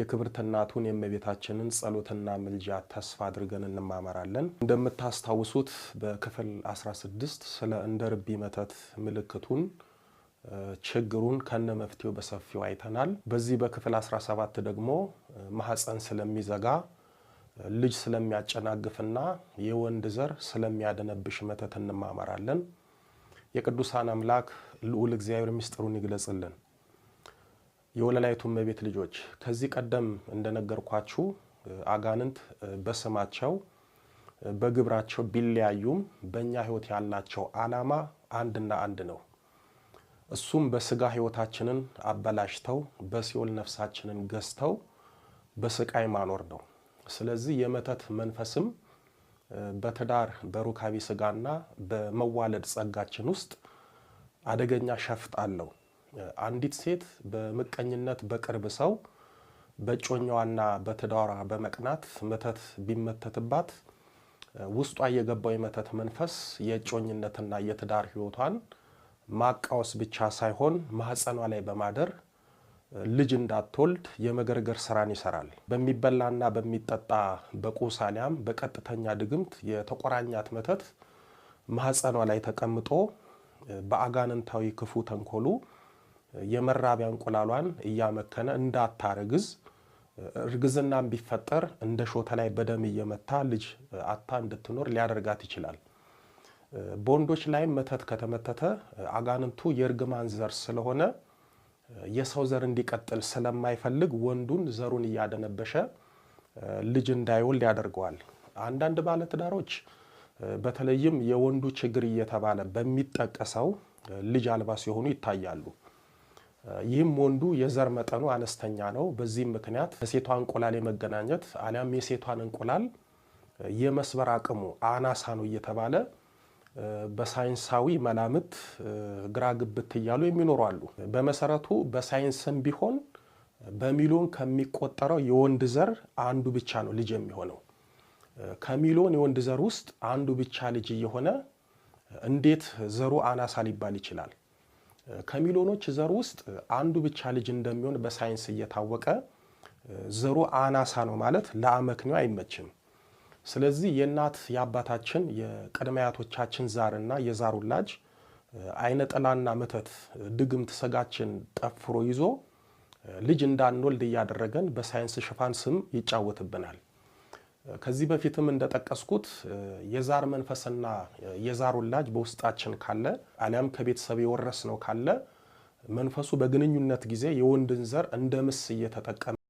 የክብርት እናቱን የእመቤታችንን ጸሎትና ምልጃ ተስፋ አድርገን እንማመራለን። እንደምታስታውሱት በክፍል 16 ስለ እንደ ርቢ መተት ምልክቱን ችግሩን ከነ መፍትሄው በሰፊው አይተናል። በዚህ በክፍል 17 ደግሞ ማህፀን ስለሚዘጋ ልጅ ስለሚያጨናግፍና የወንድ ዘር ስለሚያደነብሽ መተት እንማመራለን። የቅዱሳን አምላክ ልዑል እግዚአብሔር ምስጢሩን ይግለጽልን። የወለላይቱ እመቤት ልጆች ከዚህ ቀደም እንደነገርኳችሁ አጋንንት በስማቸው በግብራቸው ቢለያዩም በእኛ ህይወት ያላቸው አላማ አንድና አንድ ነው። እሱም በስጋ ህይወታችንን አበላሽተው በሲኦል ነፍሳችንን ገዝተው በስቃይ ማኖር ነው። ስለዚህ የመተት መንፈስም በትዳር በሩካቢ ስጋና በመዋለድ ጸጋችን ውስጥ አደገኛ ሸፍጥ አለው። አንዲት ሴት በምቀኝነት በቅርብ ሰው በጮኛዋና በትዳሯ በመቅናት መተት ቢመተትባት ውስጧ የገባው የመተት መንፈስ የጮኝነትና የትዳር ሕይወቷን ማቃወስ ብቻ ሳይሆን ማህፀኗ ላይ በማደር ልጅ እንዳትወልድ የመገርገር ስራን ይሰራል። በሚበላና በሚጠጣ በቁሳሊያም በቀጥተኛ ድግምት የተቆራኛት መተት ማህፀኗ ላይ ተቀምጦ በአጋንንታዊ ክፉ ተንኮሉ የመራቢያ እንቁላሏን እያመከነ እንዳታረግዝ እርግዝናም ቢፈጠር እንደ ሾተ ላይ በደም እየመታ ልጅ አታ እንድትኖር ሊያደርጋት ይችላል። በወንዶች ላይም መተት ከተመተተ አጋንንቱ የእርግማን ዘር ስለሆነ የሰው ዘር እንዲቀጥል ስለማይፈልግ ወንዱን ዘሩን እያደነበሸ ልጅ እንዳይወልድ ያደርገዋል። አንዳንድ ባለትዳሮች በተለይም የወንዱ ችግር እየተባለ በሚጠቀሰው ልጅ አልባ ሲሆኑ ይታያሉ። ይህም ወንዱ የዘር መጠኑ አነስተኛ ነው። በዚህም ምክንያት የሴቷ እንቁላል የመገናኘት አሊያም የሴቷን እንቁላል የመስበር አቅሙ አናሳ ነው እየተባለ በሳይንሳዊ መላምት ግራ ግብት እያሉ የሚኖሩ አሉ። በመሰረቱ በሳይንስም ቢሆን በሚሊዮን ከሚቆጠረው የወንድ ዘር አንዱ ብቻ ነው ልጅ የሚሆነው። ከሚሊዮን የወንድ ዘር ውስጥ አንዱ ብቻ ልጅ እየሆነ እንዴት ዘሩ አናሳ ሊባል ይችላል? ከሚሊዮኖች ዘር ውስጥ አንዱ ብቻ ልጅ እንደሚሆን በሳይንስ እየታወቀ ዘሩ አናሳ ነው ማለት ለአመክንዮ አይመችም። ስለዚህ የእናት የአባታችን የቅድመ አያቶቻችን ዛርና የዛር ውላጅ አይነ ጥላና መተት ድግምት ስጋችን ጠፍሮ ይዞ ልጅ እንዳንወልድ እያደረገን በሳይንስ ሽፋን ስም ይጫወትብናል። ከዚህ በፊትም እንደጠቀስኩት የዛር መንፈስና የዛር ወላጅ በውስጣችን ካለ አሊያም ከቤተሰብ የወረስ ነው ካለ መንፈሱ በግንኙነት ጊዜ የወንድን ዘር እንደ ምስ እየተጠቀመ